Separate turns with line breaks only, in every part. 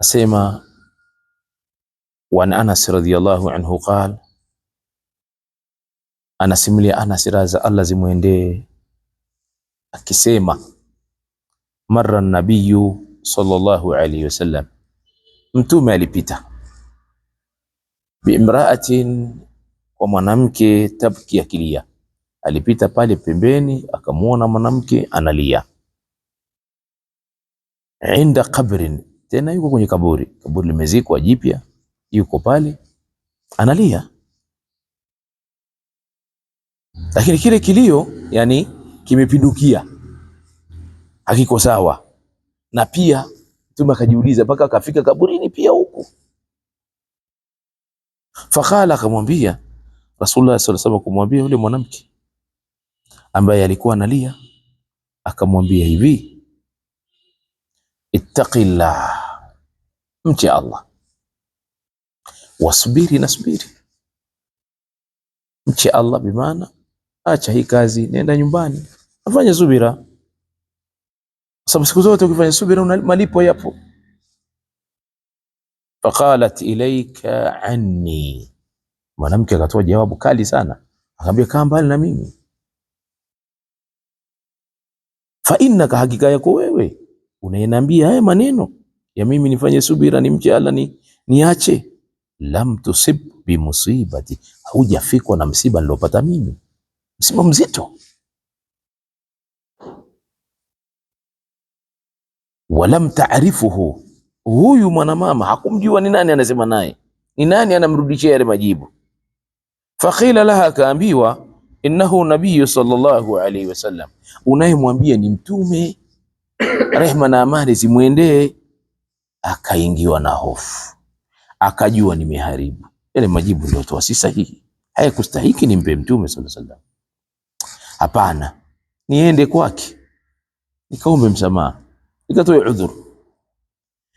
asema wan Anas radhiyallahu anhu qala, anasimulia Anas raza Allah zimwendee akisema marra nabiyu sallallahu alayhi wasallam, mtume alipita biimraatin, kwa mwanamke tabki, akilia. Alipita pale pembeni akamwona mwanamke analia inda qabrin tena yuko kwenye kaburi, kaburi limezikwa jipya, yuko pale analia, lakini kile kilio yani kimepindukia, hakiko sawa. Na pia Mtume akajiuliza mpaka akafika kaburini pia huku, fakala akamwambia Rasulullah sallallahu alaihi wasallam, kumwambia yule mwanamke ambaye alikuwa analia, akamwambia hivi ittaqillah, mche Allah. Wasubiri nasubiri, mche Allah bimaana acha hii kazi, nenda nyumbani, afanye subira, sababu siku zote ukifanya subira una malipo yapo. Faqalat ilaika anni, mwanamke akatoa jawabu kali sana, akamwambia kaa mbali na mimi, fa innaka, hakika yako wewe unayenambia haya maneno ya mimi nifanye subira, ni mche Allah, ni niache, lam tusib bi musibati, haujafikwa na msiba nilopata mimi, msiba mzito. Walam taarifuhu, huyu mwanamama hakumjua ni nani anasema naye, ni nani anamrudishia yale majibu. Fakhila laha, akaambiwa innahu nabiyyu sallallahu alayhi wasallam, unayemwambia ni mtume rehma na amani zimwendee. Akaingiwa na hofu, akajua nimeharibu. Yale majibu niliyotoa si sahihi, hayakustahiki nimpe Mtume sallallahu alaihi wasallam. Hapana, niende kwake nikaombe msamaha, nikatoe udhuru.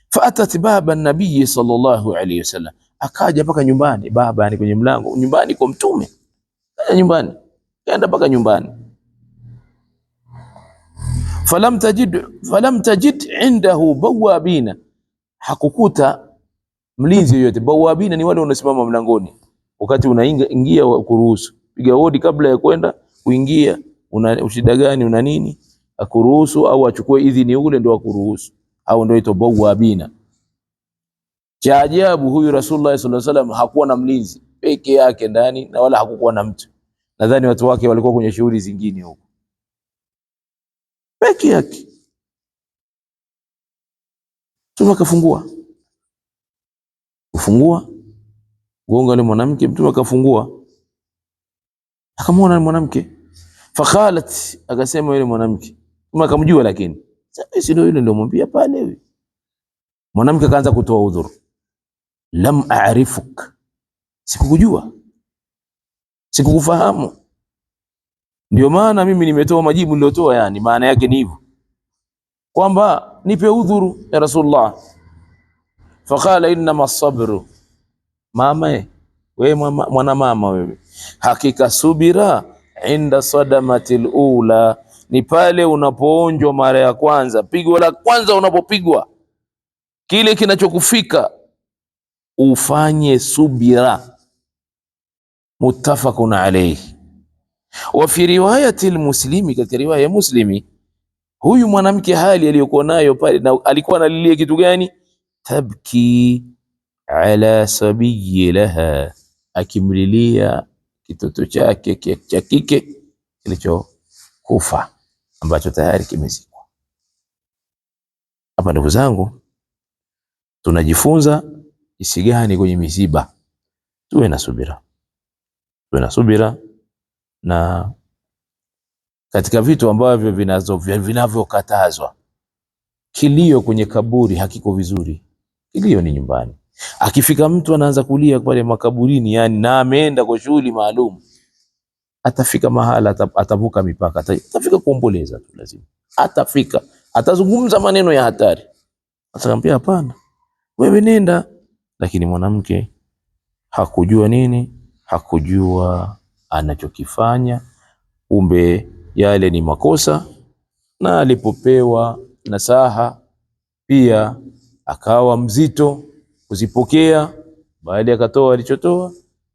Faatat baba nabii sallallahu alaihi wasallam, akaja mpaka nyumbani. Baba ni kwenye mlango nyumbani kwa Mtume, kaja nyumbani, kaenda mpaka nyumbani falam tajid, falam tajid indahu bawabina, hakukuta mlinzi yoyote. Bawabina ni wale wanasimama mlangoni wakati unaingia kuruhusu, piga hodi kabla ya kwenda kuingia, una shida gani, una nini, akuruhusu au achukue idhini, yule ndio akuruhusu, au ndio ito bawabina. Cha ajabu huyu Rasulullah sallallahu alaihi wasallam hakuwa na mlinzi peke yake ndani na wala hakukuwa na mtu, nadhani watu wake walikuwa kwenye shughuli zingine huko peke yake. Mtume akafungua kufungua gonga yule mwanamke, Mtume akafungua akamwona mwanamke, fakhalat, akasema yule mwanamke. Mtume akamjua, lakini sasa ndio yule ndio mwambia pale Mwanamke akaanza kutoa udhuru, lam a'rifuk, sikukujua, sikukufahamu ndio maana mimi nimetoa majibu niliotoa, yani maana yake ni hivyo kwamba nipe udhuru ya Rasulullah. Faqala innama sabru mama, we mwana mama wewe, hakika subira inda sadamatil ula, ni pale unapoonjwa mara ya kwanza, pigwa la kwanza unapopigwa, kile kinachokufika ufanye subira, muttafaqun alayhi wa fi riwayati lmuslimi, katika riwaya ya Muslimi, huyu mwanamke hali aliyokuwa nayo pale na alikuwa analilia kitu gani? Tabki ala sabiyi laha, akimlilia kitoto chake cha kike kilichokufa ambacho tayari kimezikwa. Hapa ndugu zangu, tunajifunza jinsi gani kwenye misiba tuwe na subira, tuwe na subira na katika vitu ambavyo vinavyokatazwa. Kilio kwenye kaburi hakiko vizuri, kilio ni nyumbani. Akifika mtu anaanza kulia pale makaburini, yani na ameenda kwa shughuli maalum, atafika mahala atavuka mipaka, atafika kuomboleza tu, lazima atafika, atazungumza maneno ya hatari, atakwambia hapana, wewe nenda. Lakini mwanamke hakujua nini, hakujua anachokifanya, kumbe yale ni makosa, na alipopewa nasaha pia akawa mzito kuzipokea, baada akatoa alichotoa,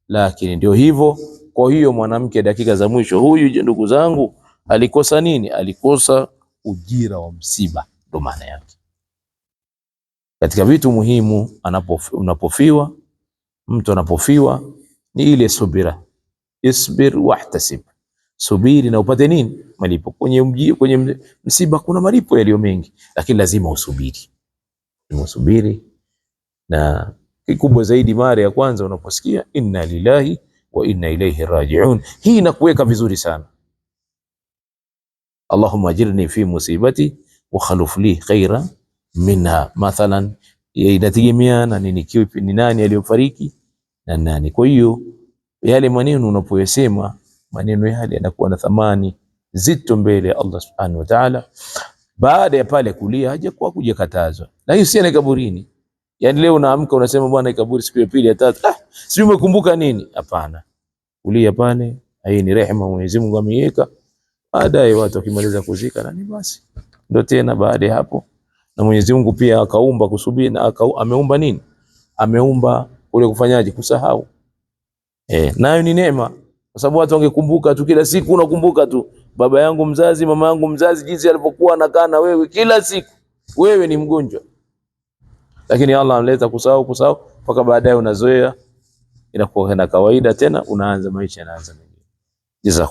lakini ndio hivyo. Kwa hiyo mwanamke, dakika za mwisho, huyu ndugu zangu alikosa nini? Alikosa ujira wa msiba, ndo maana yake. Katika vitu muhimu anapofiwa, unapofiwa mtu anapofiwa ni ile subira isbir wahtasib, subiri na upate nini? Malipo. Kwenye mji, kwenye msiba kuna malipo yaliyo mengi, lakini lazima usubiri, lazima usubiri. Na kikubwa zaidi, mara ya kwanza unaposikia inna lillahi wa inna ilaihi rajiun, hii inakuweka vizuri sana. Allahumma ajirni fi musibati wa khalif li khaira minha. Mathalan, inategemeana nini, kipi, ni nani aliyofariki na nani, kwa hiyo yale maneno unapoyasema, maneno yale yanakuwa na thamani zito mbele ya Allah subhanahu wa ta'ala. Baada ya pale kulia haja kwa kuja katazwa, lakini si ni kaburini. Yani leo unaamka unasema bwana kaburi siku ya pili ya tatu, ah, si umekumbuka nini? Hapana, kulia pale, hii ni rehema Mwenyezi Mungu ameiweka. Baadaye watu wakimaliza kuzika na ni basi, ndio tena baada ya hapo. Na Mwenyezi Mungu pia akaumba kusubiri na aka, ameumba nini? Ameumba ule kufanyaje? Kusahau. Eh, nayo ni neema, kwa sababu watu wangekumbuka tu kila siku, unakumbuka tu baba yangu mzazi, mama yangu mzazi, jinsi alivyokuwa anakaa na wewe kila siku, wewe ni mgonjwa. Lakini Allah analeta kusahau kusahau, mpaka baadaye unazoea, inakuwa na kawaida tena, unaanza maisha yanaanza mengine.